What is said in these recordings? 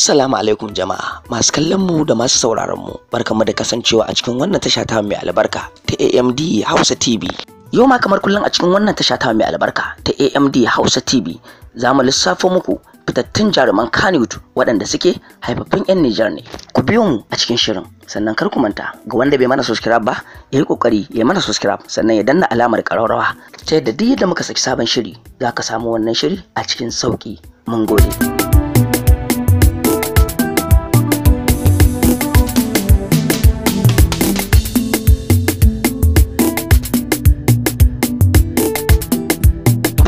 Assalamu alaikum jama'a masu kallon mu da masu sauraron mu barkamu da kasancewa a cikin wannan tasha ta mai albarka ta AMD Hausa TV yau ma kamar kullum a cikin wannan tasha ta mai albarka ta AMD Hausa TV za mu lissafo muku fitattun jaruman Kannywood waɗanda suke haifaffun 'yan Nijar ne ku biyo mu a cikin shirin sannan kar ku manta ga wanda bai mana subscribe ba ya yi kokari ya mana subscribe sannan ya danna alamar ƙararrawa ta yadda duk yadda muka saki sabon shiri za ka samu wannan shiri a cikin sauki mun gode.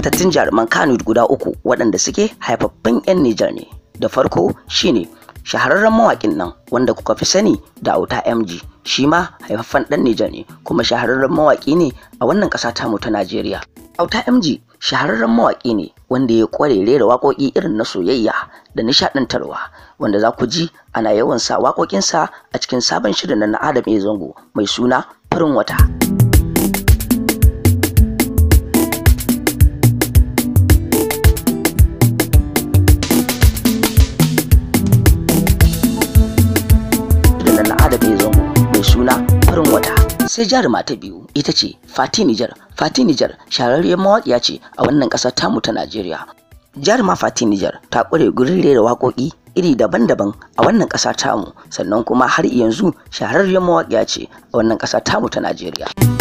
fitattun jaruman kanu guda uku waɗanda suke haifaffin 'yan Nijar ne. Da farko shine shahararren mawaƙin nan wanda kuka fi sani da auta MG shi ma haifaffen ɗan Nijar ne kuma shahararren mawaƙi ne a wannan ƙasa mu ta Najeriya. Auta MG shahararren mawaƙi ne wanda ya ƙware rera waƙoƙi irin na soyayya da nishaɗantarwa wanda za ku ji ana yawan sa waƙoƙinsa a cikin sabon shirin na Adam zango mai suna Farin Wata. sai jaruma ta biyu ita ce fati nijar fati nijar shahararriyar mawaƙiya ce a wannan ƙasa tamu ta najeriya jaruma fati nijar ta ƙware gurin rera waƙoƙi iri daban-daban a wannan ƙasa tamu sannan kuma har yanzu shahararriyar mawaƙiya ce a wannan ƙasa tamu ta najeriya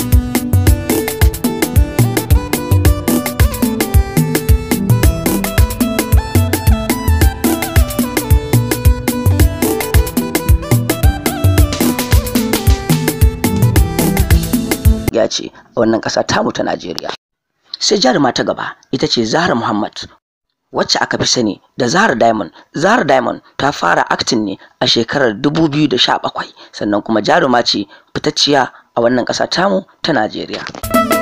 jarumciya ce a wannan ƙasa tamu ta Najeriya. Sai jaruma ta gaba ita ce Zahra Muhammad wacce aka fi sani da Zahra Diamond. Zahra Diamond ta fara acting ne a shekarar 2017 sannan kuma jaruma ce fitacciya a wannan ƙasa tamu ta Najeriya.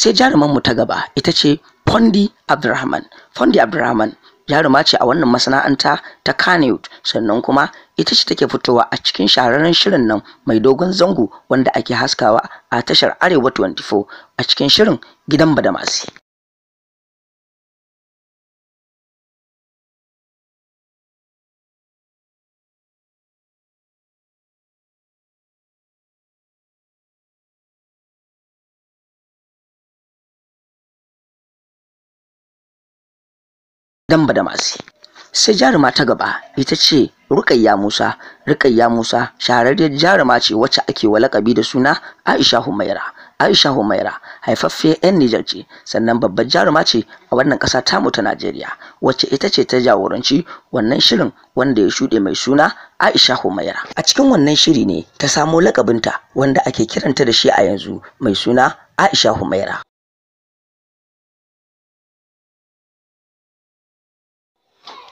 sai mu ta gaba ita ce fondi abdurrahman fondi abdurrahman jaruma ce a wannan masana'anta ta Kanewood sannan kuma ita ce take fitowa a cikin shahararren shirin nan mai dogon zango wanda ake haskawa a tashar Arewa 24 a cikin shirin gidan Badamasi. da masi sai jaruma ta gaba ita ce Rukayya Musa Rukayya Musa shahararriyar jaruma ce wacce ake wa lakabi da suna Aisha Humaira Aisha Humaira haifaffe 'yan Nijar ce sannan babbar jaruma ce a wannan ƙasa tamu ta Najeriya wacce ita ce ta jagoranci wannan shirin wanda ya shuɗe mai suna Aisha Humaira a cikin wannan shiri ne ta samo lakabinta wanda ake kiranta da shi a yanzu mai suna Aisha Humaira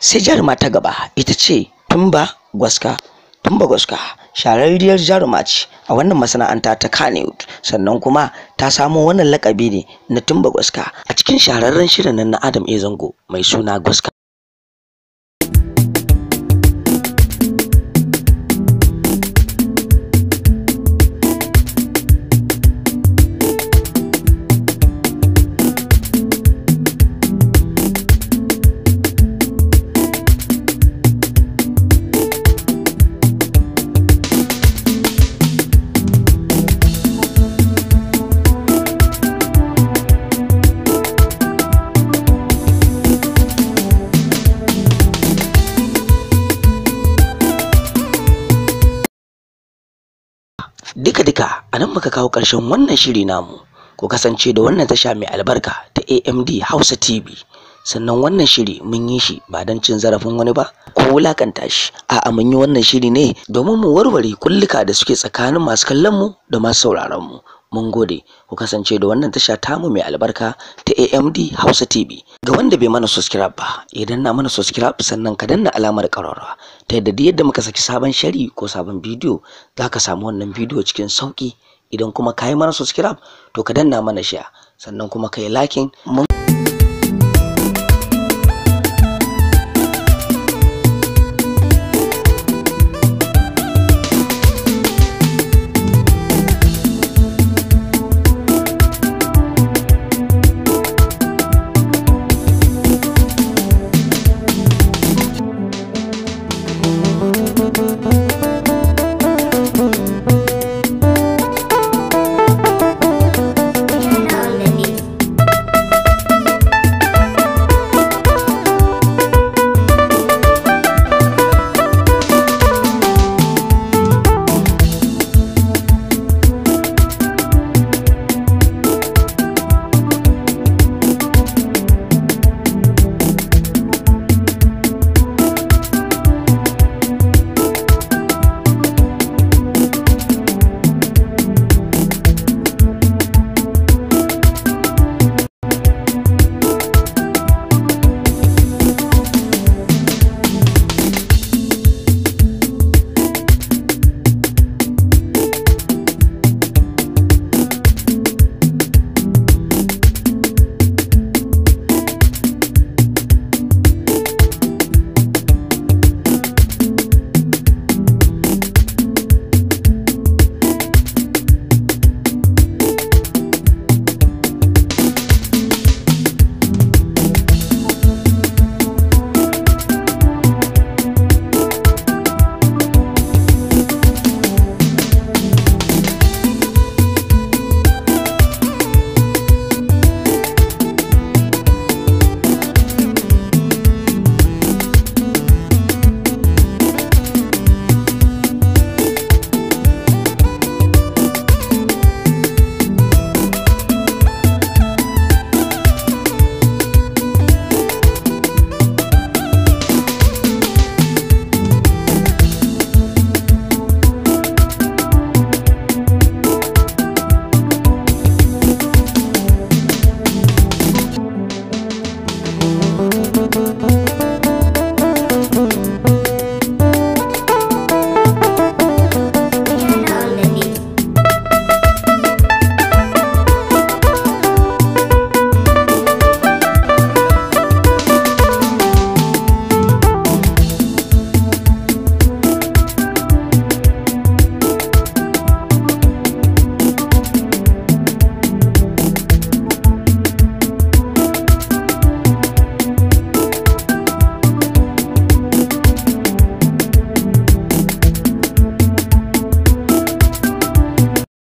sai jaruma ta gaba ita ce tumba gwaska tumba gwaska shararriyar jaruma ce a wannan masana'anta ta kanewood sannan kuma ta samo wannan lakabi ne na tumba gwaska a cikin shahararren shirin nan na adam e mai suna gwaska muka kawo ƙarshen wannan shiri namu ku kasance da wannan tasha mai albarka ta AMD Hausa TV sannan wannan shiri mun yi shi ba don cin zarafin wani ba ko wulakanta shi a'a mun yi wannan shiri ne domin mu warware kullika da suke tsakanin masu kallon mu da masu sauraron mu mun gode ku kasance da wannan tasha tamu mai albarka ta AMD Hausa TV ga wanda bai mana subscribe ba idan na mana subscribe sannan ka danna alamar kararwa ta yadda duk yadda muka saki sabon shari ko sabon bidiyo za ka samu wannan bidiyo cikin sauki idan kuma ka yi mana subscribe to ka danna mana share sannan kuma ka yi lakin